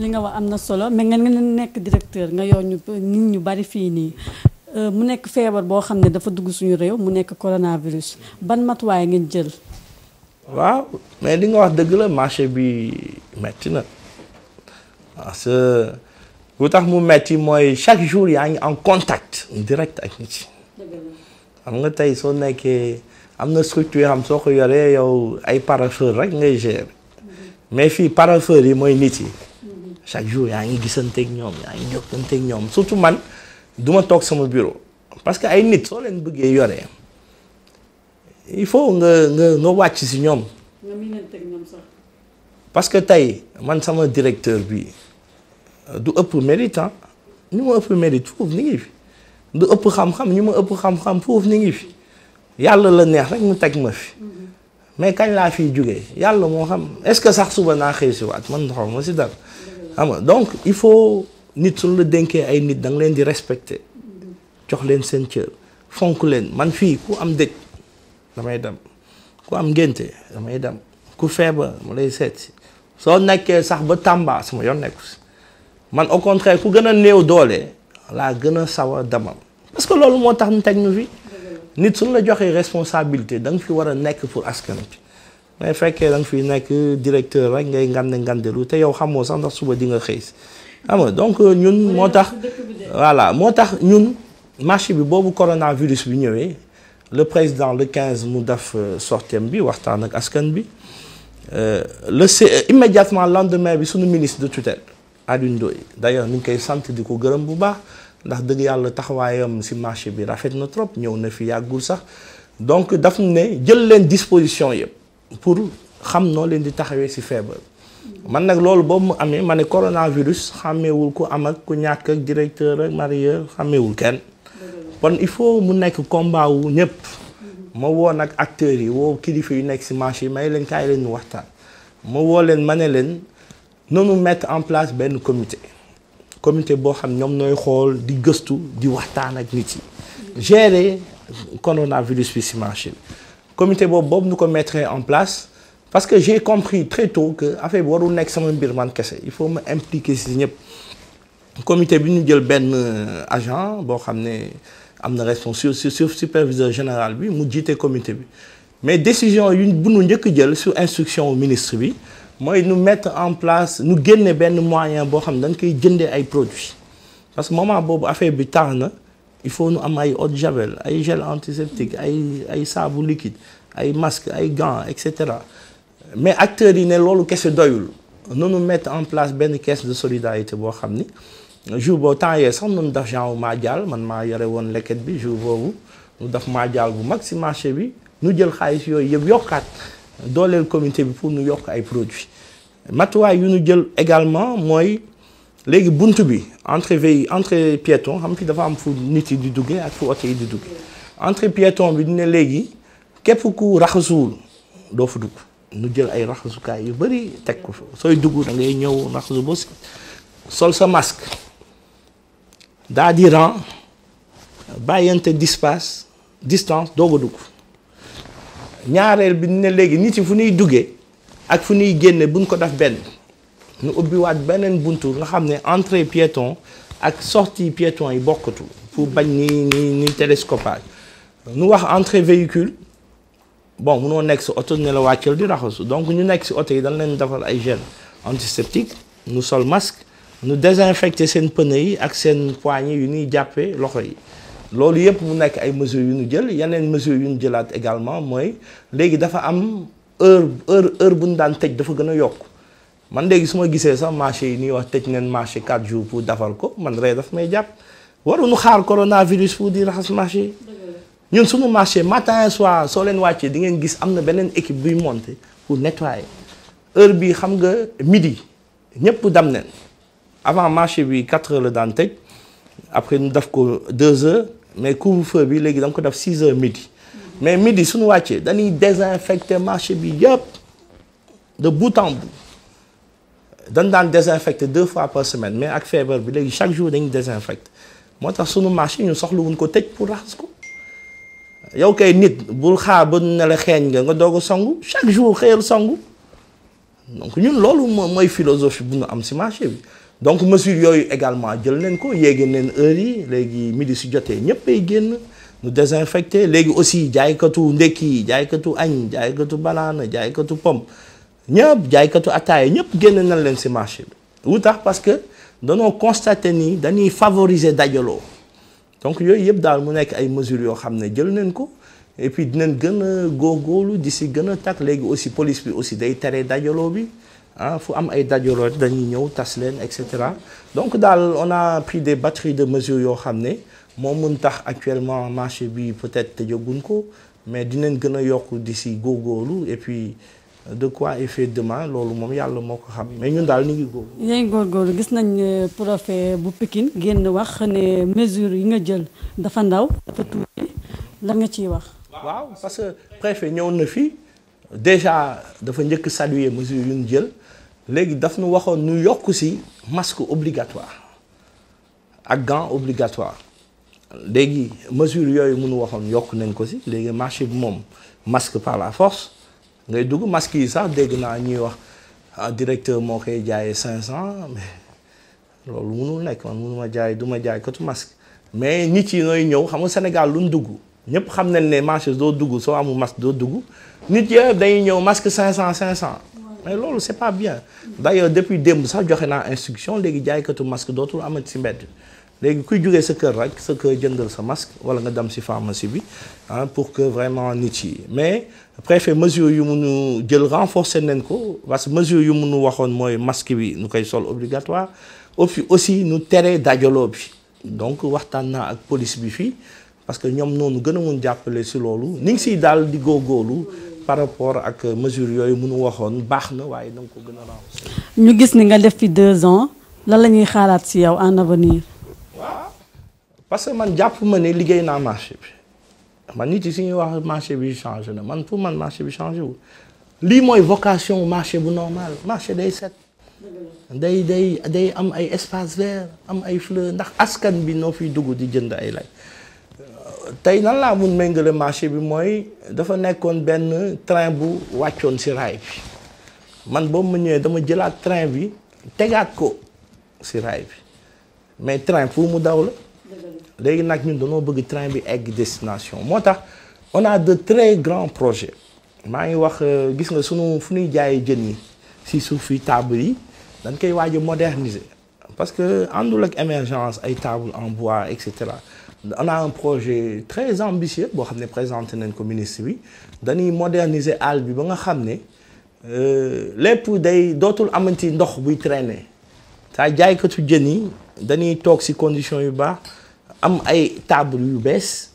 li nga wax am na solo mais nga nekk directeur nga yoon ñu nit ñu bari fii nii euh, mu nekk feebar boo xam ne dafa dugg suñu réew mu nekk coronavirus ban matuwaay ngeen jël. waaw mais li nga wax dëgg la marché bi metti na parce que lu tax mu metti mooy chaque jour yaa ngi en contact direct ak nit yi xam nga tey soo nekkee am na structure xam soo ko yoree yow ay parapheur rek ngay gérer mais fii parapheur yi mooy nit yi. chaque jour yaa ngi gis gisanteeg ñoom yaa ngi jokkanteeg ñoom surtout man duma toog sama bureau parce que ay nit soo leen bëggee yore il faut nga nga nga wàcc si ñoom. nga parce que tey man sama directeur bi eh, du ëpp mérite ñu ma ëpp mérite foofu ni ngi fi du ëpp xam-xam ñu ma ëpp xam-xam foofu ni ngi fi yàlla la neex rek mu teg ma fi. mais kañ laa fiy jógee yàlla moo xam est-ce que sax suba naa xëy si waat man xaw ma si dara. xam nga donc il faut nit suñu la dénkee ay nit da nga leen di respecter jox leen seen cër fonk leen man fii ku am dëj damay dem ku am ngénte damay dem ku feebar mu lay seet si soo nekkee sax ba Tamba sama yoon nekku si man au contraire ku gën a néew doole laa gën a sawar demal parce que loolu moo tax ñu fi nit suñu la joxee responsabilité da nga fi war a nekk pour askan bi mais fekkee da nga fi nekk directeur rek ngay ngande ngandelu te yow xamoo sax ndax suba di nga xëy si xam nga donc euh, ñun moo tax voilà moo tax ñun marché bi boobu coronavirus bi ñëwee le président le 15 mu def euh, sortem bi waxtaan ak askan bi euh, le c e, immédiatement lendemain bi suñu ministre de tutelle Alioune Ndoye d'ailleurs ñu ngi koy sant di ko gërëm bu baax ndax dëgg yàlla taxawaayam si marché bi rafet na trop ñëw na fi yàggul sax donc daf ne jël leen disposition yëpp pour xam noo leen di taxawee si feebar. man nag loolu boobu mu amee ma ne coronavirus xàmmeewul ku am ak ku ñàkk ak directeur ak marié xàmmeewul kenn. kon il faut mu nekk combat wu ñëpp. ma woo nag acteurs yi woo kilifa yu nekk si marché yi may leen kaay leen ñu waxtaan. ma woo leen ma ne leen noonu mettre en place benn comité comité boo xam ñoom nooy xool di gëstu di waxtaan ak nit yi. gérer coronavirus bi si marché bi. comité boobu boobu ñu ko metre en plas parce que j'ai compris très tôt que affaire bi warul nekk sama mbir man kese il faut ma impliquer si bi ñu jël benn euh, agent boo xam ne am na responsable sur superviseur général bi mu jiite comité bi mais décision yu bu ñu njëkk jël sur instruction ministre bi mooy nu mettre en place nu génne benn moyen boo xam ne dañ koy jëndee ay produits parce que moment boobu affaire bi tar na il faut nu am ay eau de javel ay gel antiseptique ay ay saabu liquide ay masque ay gants et cetera mais acteurs yi ne loolu kese doyul nunu mettre en place benn caisse de solidarité boo xam ni jour boobu temps yee sax nunu def genre maa jaal man maa yore woon leket bi jour boobu nu def maa jaal bu mag si marché bi nu jël xaalis yooyu yëpp yokkaat dooleel comité bi pour nu yokk ay produits matuwaay yu nu jël également mooy léegi bunt bi entrée véhi entrée xam fi dafa am fu nit yi di duggee ak fu oto yi di duggee entre piéton bi ne léegi képp ku raxasuwul doo fa dugg nu jël ay raxasukaay yu bëri teg ko fa sooy dugg da ngay ñëw raxasu ba sol sa masque daa di rang bàyyante dispace distance doog a dugg ñaareel bi ne léegi nit yi fu ñuy duggee ak fu ñuy génne buñ ko def benn ñu ubbiwaat beneen buntu nga xam ne entrée piéton ak sortie piéton yi bokkatu pour bañ ni ni ni télescopage ñu wax entrée véhicule bon noo nekk si oto ne la wàccal di raxasu donc ñu nekk si oto yi dañ leen defal ay gel antiseptique ñu sol masque ñu désinfecté seen pneu yi ak seen poignée yu ñuy jàppee loxo yi loolu yëpp mu nekk ay mesures yu ñu jël yeneen mesures yu ñu jëlaat également mooy léegi dafa am heure heure heure bu ñu daan tëj dafa gën a yokk man léegi su ma gisee sax marché yi ñuy wax tëj neen marché 4 jours pour defar ko man ree daf may jàpp nu xaar coronavirus pour di raxas marché ñun suñu marché matin soir soo leen wàccee di ngeen gis am na beneen équipe buy monter pour nettoyer heure bi xam nga midi ñëpp dem neen avant marché bi 4 heures la daan tëj après ñu def ko 2 heures mais couvre-feu bi léegi da nga ko def 6 heures midi mais midi suñu wàccee dañuy désinfecter marché bi yëpp de bout en dañ daan désinfecté deux fois par semaine mais ak feebar bi léegi chaque jour dañuy désinfecté moo tax sunu marché ñu soxla wuñ ko tëj pour raxas ko yow kay nit bul xaar ba ne xeeñ nga nga doog a songu chaque jour xëyal songu donc ñun loolu mooy philosophie bu nu am si marché bi donc mesure yooyu également jël nañ ko yéegi neen heure yi léegi midi si jotee ñëpp ay génn ñu désinfecté léegi aussi jaaykatu ndekki jaaykatu añ jaaykatu banaana jaaykatu pomme ñëpp jaaykatu ataaya ñëpp génn nañ leen si marché bi lu tax parce que danoo constaté ni dañuy favoriser dajaloo donc yooyu yëpp daal mu nekk ay mesures yoo xam ne jël nañ ko et puis dinañ gën a góorgóorlu di si gën a takk léegi aussi police bi aussi day tere dajaloo bi ah fu am ay dajaloo dañuy ñëw tas leen et cetera donc daal on a pris des batteries de mesures yoo xam ne moo mun tax actuellement marché bi peut-être tëjaguñ ko mais dinañ gën a yokk di si góorgóorlu et puis. de quoi est fait demain loolu moom yàlla moo ko xam mais ñun daal ñu ngi góor ñu ngi góorgóorlu gis nañ euh, préfet bu Pikine génn wax ne mesure yi nga jël dafa ndaw dafa tuuti lan nga ciy wax waaw parce que préfet ñëw na fi déjà dafa njëkk saluer mesure yu ñu jël léegi daf nu waxoon nu yokk si masque obligatoire ak gant obligatoire léegi mesure yooyu mënu waxoon yokk nañ ko si léegi marché bi moom masque par la force ngay dugg masque yi sax dégg naa ñuy wax ah, directeur moo koy jaayee cinq cent mais loolu mënul nekk man mënuma jaay du ma jaay kotu masque mais nit yi nooy ñëw xam nga Sénégal lu mu dugg ñëpp xam nañ ne marché doo dugg soo amul masque doo dugg nit yëpp dañuy ñëw masque cinq cent cinq cent mais loolu c'est pas bien d'ailleurs depuis démb sax joxe naa instruction léegi jaaykatu masque dootul amat si mbedd léegi kuy jógee sa kër rek sa kër jëndal sa masque wala nga dem si pharmacie bi ah, pour que vraiment nit yi mais préfet mesure yu munu jël renforcer nañ ko parce que mesure yu munu waxoon mooy masque bi nu koy sol obligatoire puis aussi nu tere dajaloo bi donc waxtaan naa ak police bi fii parce que ñoom noonu gën a mun jàppale si loolu ni ngi siy daal di góorgóorlu par rapport ak mesure yooyu munu waxoon baax na waaye na nga ko gën a renforcer. ñu gis ni si yow en parce que man jàpp ne liggéey naa marché man nit yi su ñuy wax marché bi changé na man pour man marché bi changé wu lii mooy vocation marché bu normal marché day set day day day am ay espace am ay fleur ndax askan bi noo fi dugg di jënd ay lay tey nan laa mun méngale marché bi mooy dafa nekkoon benn train bu wàccoon si raay bi man boobu ma ñëwee dama jëlaat train bi tegaat ko si raay bi mais train fu mu daw la léegi nag ñun dañoo bëgg train bi egg destination moo tax on a de très grands projets maa ngi wax euh, gis nga sunu fu ñuy jaayee jën yi si suuf yi table yi dañ koy waaj moderniser parce que àndul ak émergence ay table en bois et cetera on a un projet très ambitieux boo xam ne présenté nañ ko ministre bi dañuy moderniser àll bi ba nga xam ne euh, lépp day dootul amanti ndox buy traîner saa jaaykatu jën yi dañuy toog si condition yu baax. am ay table yu bees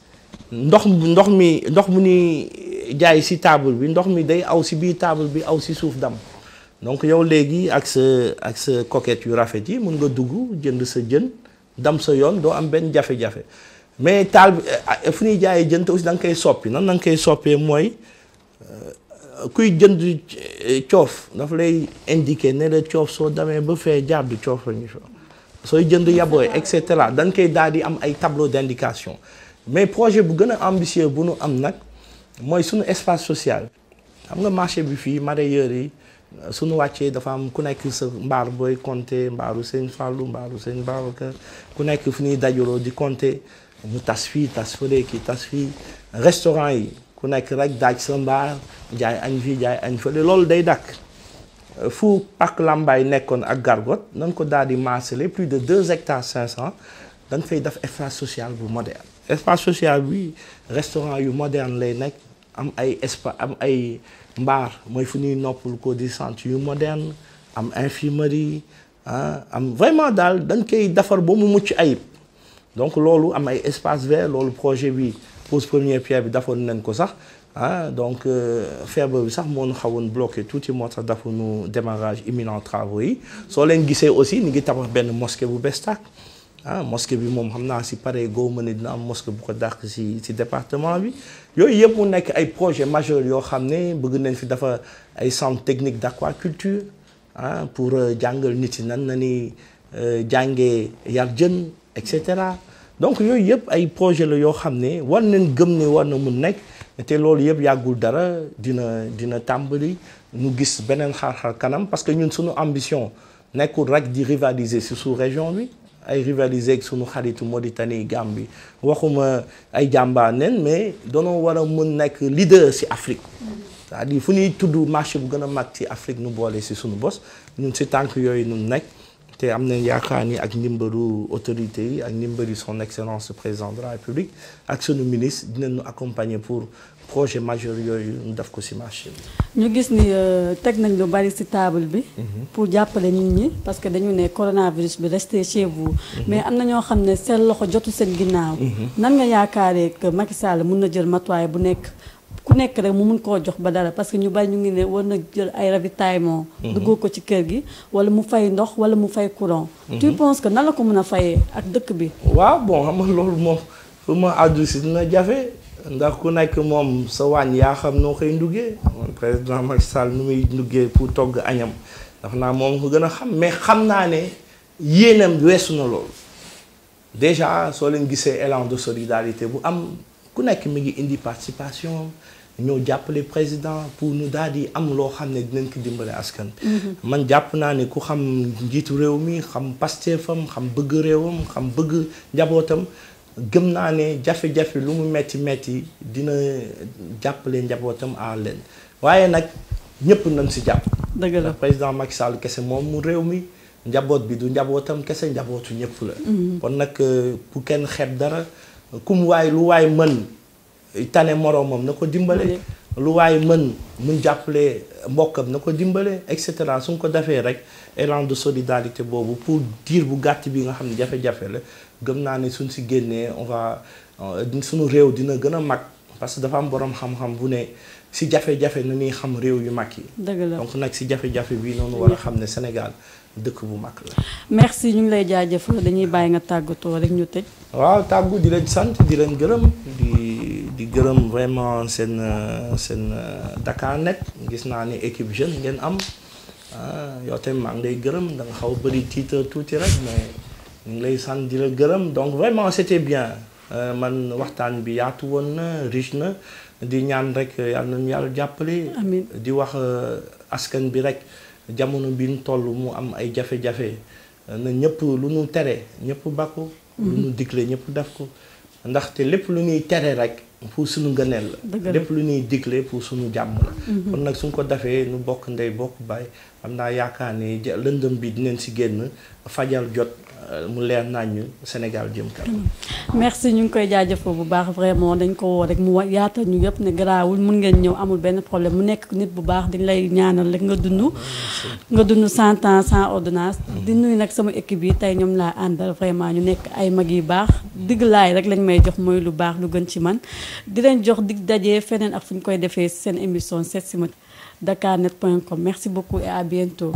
ndox ndox mi ndox mu ni jaay si taabul bi ndox mi day aw si biir taabul bi aw si suuf dam donc yow léegi ak sa ak sa coquette yu rafet yi mun nga dugg jënd sa jën dam sa yoon doo am benn jafe-jafe mais taal eh, fu ñuy jaay jën te aussi da nga koy soppi nan danga koy soppee mooy euh, kuy jënd eh, coof dafa lay indiquer ne la coof soo damee ba fee jàdd coof la ñu fa sooy jënd yaboo et cetera dañ koy daal di am ay tableau d'indication mais projet bu gën a ambitieux bu nu am nag mooy suñu espace sociale xam nga marché bi fii mareyeur yi suñu wàccee dafa am ku nekk sa mbaar booy compter mbaaru seen Fallou mbaaru sëñ Babacar ku nekk fu ñuy dajaloo di compter mu tas fii tas fële kii tas fii restaurant yi ku nekk rek daaj sa mbaar jaay añ fii jaay añ fële loolu day dàkk fu parc Lambaye nekkoon ak Gargote nan ko daal di maasale plus de deux hectares cinq cent dañ fay def espace social bu moderne espace social bi restaurant yu moderne lay nekk am ay espace am ay mbaar mooy fu ñuy noppal ko di centre yu moderne am infirmerie ah am vraiment daal dañ koy defar ba mu mucc ayib donc loolu am ay espace vert loolu projet bi pose première pierre bi defoon nañ ko sax ah donc euh, feebar bi sax moo ñu xawoon bloqué tuuti moo tax nu démarrage imminent travaux yi soo leen gisee aussi ñu ngi tabax benn mosquée bu bees tàkk ah mosquée bi moom xam naa si pare goo mën ne dina am mosquée bu ko dàq si si département bi yooyu yëpp mu nekk ay projet majeur yoo xam ne bëgg nañ fi dafa ay centre technique d'aquaculture ah pour euh, jàngal nit yi nan na ni euh, jàngee yar jën et cetera donc yooyu yëpp ay projet la yoo xam ne war nañ gëm ne war na mun nekk te loolu yëpp yàggul dara dina dina tàmbali nu gis beneen xar-xar kanam parce que ñun suñu ambition nekkul rek di rivaliser si sous région bi ay rivaliser ak suñu xaritu Mauritanie Gambie waxuma ay jàmbaar mais danoo war a mën nekk leader si Afrique cest di fu ñuy tudd marché bu gën a mag ci Afrique nu boole si suñu bos ñun si tànk yooyu nun nekk te am nañ yaakaar ni ak ndimbalu autorité yi ak ndimbalu son excellence président de la république ak sunu ministre nu accompagner pour projet majeur yooyu ñu def ko si marché bi. ñu gis ni euh, teg nañ lu bari si table bi. Mhm. pour jàppale nit ñi parce que dañu ne coronavirus bi restez chez vous. Mhm. mais am na ñoo xam ne seen loxo jotu seen ginnaaw. Mhm. nan nga yaakaaree que Macky Sall mun na jël matuwaay bu nekk. ku nekk rek mu mun koo jox ba dara parce que ñu bari ñu ngi ne war na jël ay ravitaillement mhm. duggoo ko ci kër gi wala mu fay ndox wala mu fay courant mhm. tu pense que nan la ko mën a fayee ak dëkk bi waaw bon xam loolu moom fu ma àddu si dina jafe ndax ku nekk moom sa waañ yaa xam noo koy nduggee président Macky Sall nu muy nduggee pour togg añam dafa naa moom ko gën a xam mais xam naa ne yéenam weesu na loolu déjà soo leen gisee élan de solidarité bu am ku nekk mi ngi indi participation ñëw jàppale président pour ñu daal di am loo xam ne dinañ ko dimbale askan mhm. man jàpp naa ne ku xam njiitu réew mi xam fam xam bëgg réewam xam bëgg njabootam gëm naa ne jafe-jafe lu mu metti metti dina jàppale njabootam à leen waaye nag ñëpp nañ si jàpp. dëgg la président Macky Sall kese moom mu réew mi njaboot bi du njabootam kese njabootu ñëpp la. Mhm. kon nag bu euh, kenn xeeb dara kum waay lu waay mën. tane moroomam na ko dimbale mm-hmm. lu waaye mën mu jàppale mbokkam na ko dimbale et cetera su ko defee rek élan de solidarité boobu pour diir bu gàtt bi nga xam ne jafe-jafe la gëm naa ne suñ si génnee va euh, suñu réew dina gën a mag parce que dafa am boroom xam-xam ne si jafe-jafe na ñuy xam réew yu mag yi donc nag si jafe-jafe bi noonu war a xam ne Sénégal dëkk bu mag la merci ñu ngi lay jaajëfal dañuy bàyyi nga tàggatoo rek ñu tëj waaw tàggu di leen sant di leen gërëm di gërëm vraiment seen euh, seen euh, Dakar Net gis naa ne équipe jeune ngeen am ah, yow tamit maa ngi lay gërëm da nga xaw bëri titre tuuti rek mais ñu ngi lay sant di la gërëm donc vraiment c'était bien euh, man waxtaan bi yaatu woon na riche na di ñaan rek yàlla nañu yàlla jàppale. amiin di wax askan bi rek jamono bi ñu toll mu am ay jafe-jafe na ñëpp lu ñu tere ñëpp bakku. Mm-hmm. lu ñu digle ñëpp def ko. ndaxte lépp lu ñuy tere rek. pour suñu gëneel la lépp lu ñuy digle pour suñu jàmm la mhm. kon nag suñ ko defee nu bokk ndey bokk baay xam naa yaakaar ne lëndëm bi dinañ si génn fajal jot euh, mu leer nañu Sénégal jëm kanam mhm. merci ñu ngi koy jaajëfoo bu baax vraiment dañ ko woo rek mu yaatal ñu yëpp ne garaawul mun ngeen ñëw amul benn problème mu nekk nit bu baax dañ lay ñaanal rek nga dund ah, nga dund cent ans sans ordonnance mhm. di nuyu nag sama équipe yi tey ñoom laa àndal vraiment ñu nekk ay mag yu baax digg rek lañ may jox mooy lu baax lu gën ci man di leen jox dig daje feneen ak fu ñu koy defee seen émission seet si ma dakarnet.com merci beaucoup et à bientôt.